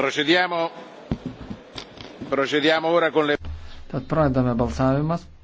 Procediamo, procediamo ora con le. Tad pradedame balsavimas.